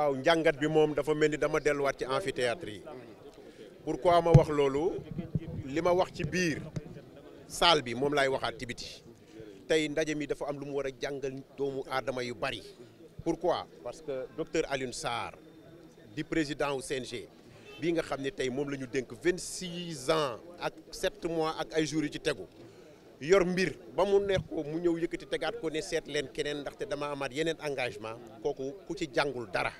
waaw njàngat bi moom dafa mel ni dama delluwaat ci amphithéâtre yi pourquoi ma wax loolu li ma wax ci biir salle bi moom laay waxaat ci tey ndaje mi dafa am lu mu war a jàngal doomu aadama yu bari pourquoi parce que docteur Alioune Sarr di président wu CNG bii nga xam ne tey moom la ñu dénk vingt six ans ak sept mois ak ay jours yu ci tegu yor mbir ba mu neex ko mu ñëw yëkkati tegaat ko ne seet leen keneen ndaxte dama amaat yeneen engagement kooku ku ci jàngul dara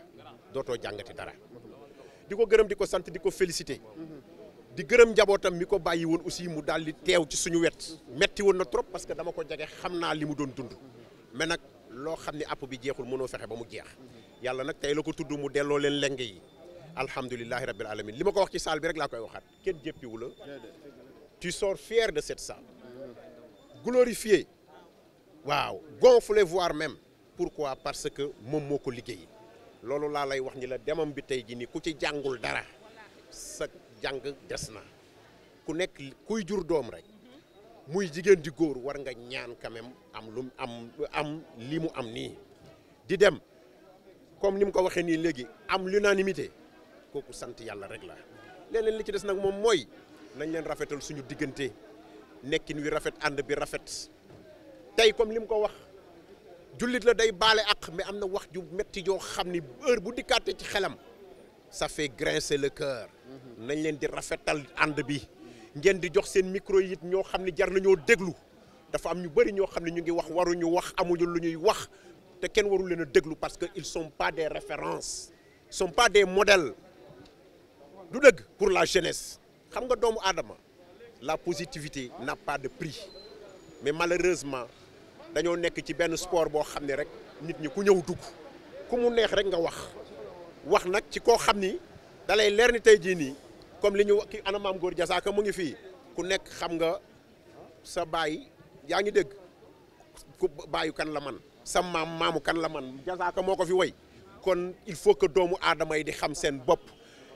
dootoo jàngati dara di ko gërëm di ko sant di ko félicité di gërëm njabootam mi ko bàyyi woon aussi mu daal di teew ci suñu wet metti woon na trop parce que dama ko jege xam naa li mu doon dund mais nag loo xam ne app bi jeexul mënoo fexe ba mu jeex yàlla nag tey la ko tudd mu delloo leen lenge yi alhamdulilahi rabbil alamin li ma ko wax ci salle bi rek laa koy waxaat kenn jéppiwu la tu sors fier de cette salle glorifié waaw gonflé voir même pourquoi parce que moom moo ko liggéey loolu laa lay wax ni la demam bi tey ji nii ku ci jàngul dara sa jàng des na ku nekk kuy jur doom rek muy jigéen di góor war nga ñaan quand am lu am am li mu am nii di dem comme ni mu ko waxee nii léegi am li l'unanimité kooku sant yàlla rek la leneen li ci des nag moom mooy nañ leen rafetal suñu diggante nekkin wi rafet ànd bi rafet tey comme li mu ko wax jullit la day baale ak mais am na wax ju metti joo xam ni heure bu dikkaate ci xelam ça fait grincer le cœur mhm. nañ leen di rafetal ànd bi ngeen di jox seen micro yi it ñoo xam ne jar nañoo déglu dafa am ñu bëri ñoo xam ne ñu ngi wax waruñu wax amuñu lu ñuy wax te kenn warul leen a déglu parce que ils sont pas des références ils sont pas des modèles du dégg pour la jeunesse xam nga doomu aadama la positivité n'a pas de prix mais malheureusement dañoo nekk ci benn sport boo xam ne rek nit ñi ku ñëw dugg ku mu neex rek nga wax wax nag ci koo xam ni dalay leer ni tey jii nii comme li ñu ki ana maam góor jasaaka mu ngi fii ku nekk xam nga sa baay yaa ngi dégg ku kan la man sa maam maamu kan la man jasaaka moo ko fi woy kon il faut que doomu aadama yi di xam seen bopp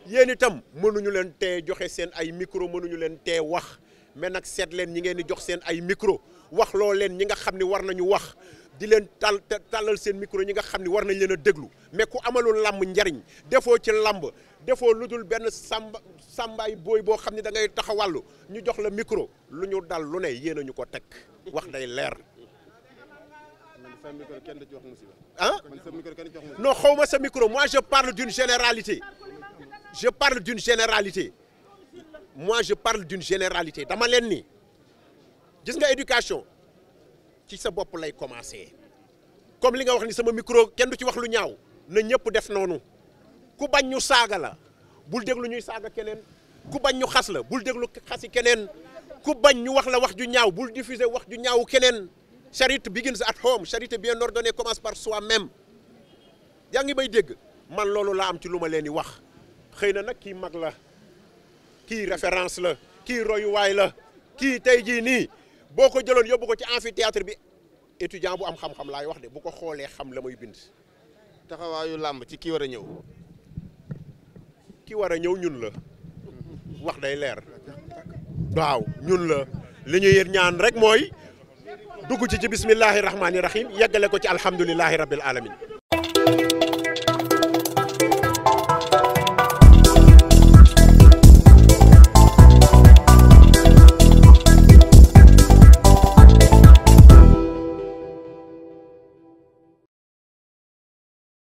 yéen itam mënuñu leen tee joxe seen ay micro mënuñu leen tee wax mais nag seet leen ñi ngeen di jox seen ay micro wax loo leen ñi nga xam ni war nañu wax di leen tal tàllal seen micro ñi nga xam ni war nañ leen a déglu mais ku amalu làmb njariñ defoo ci làmb defoo lu dul benn sàmba sàmbaay booy boo xam ni da ngay wàllu ñu jox la micro lu ñu dal lu ne yéen a ñu ko teg wax day leer. ah non xawma sa micro moi je parle d'une généralité je parle d'une généralité mois je parle d'une généralité dama leen ni gis nga éducation ci sa bopp lay commencer comme li nga wax ni sama micro kenn du ci wax lu ñaaw na ñëpp def noonu ku bañ ñu saaga la bul déglu ñuy saaga keneen ku bañ ñu xas la bul déglu xasi keneen ku bañ ñu wax la wax ju ñaaw bul diffuser wax ju ñaaw keneen charity begins at home charité bien ordonnée commence par soi-même yaa ngi may dégg man loolu laa am ci lu ma leen di wax xëy na nag kii mag la. kii référence la kii royuwaay la kii tey jii nii boo ko jëloon yóbbu ko ci amphithéâtre bi étudiant bu am xam-xam laay wax de bu ko xoolee xam la may bind. taxawaayu làmb ci ki war a ñëw. ki war a ñëw ñun la wax day leer waaw ñun la li ñuy ñaan rek mooy dugg ci ci bismillahi rahmaani rahim yeggale ko ci alhamdulillahi rabbil alamin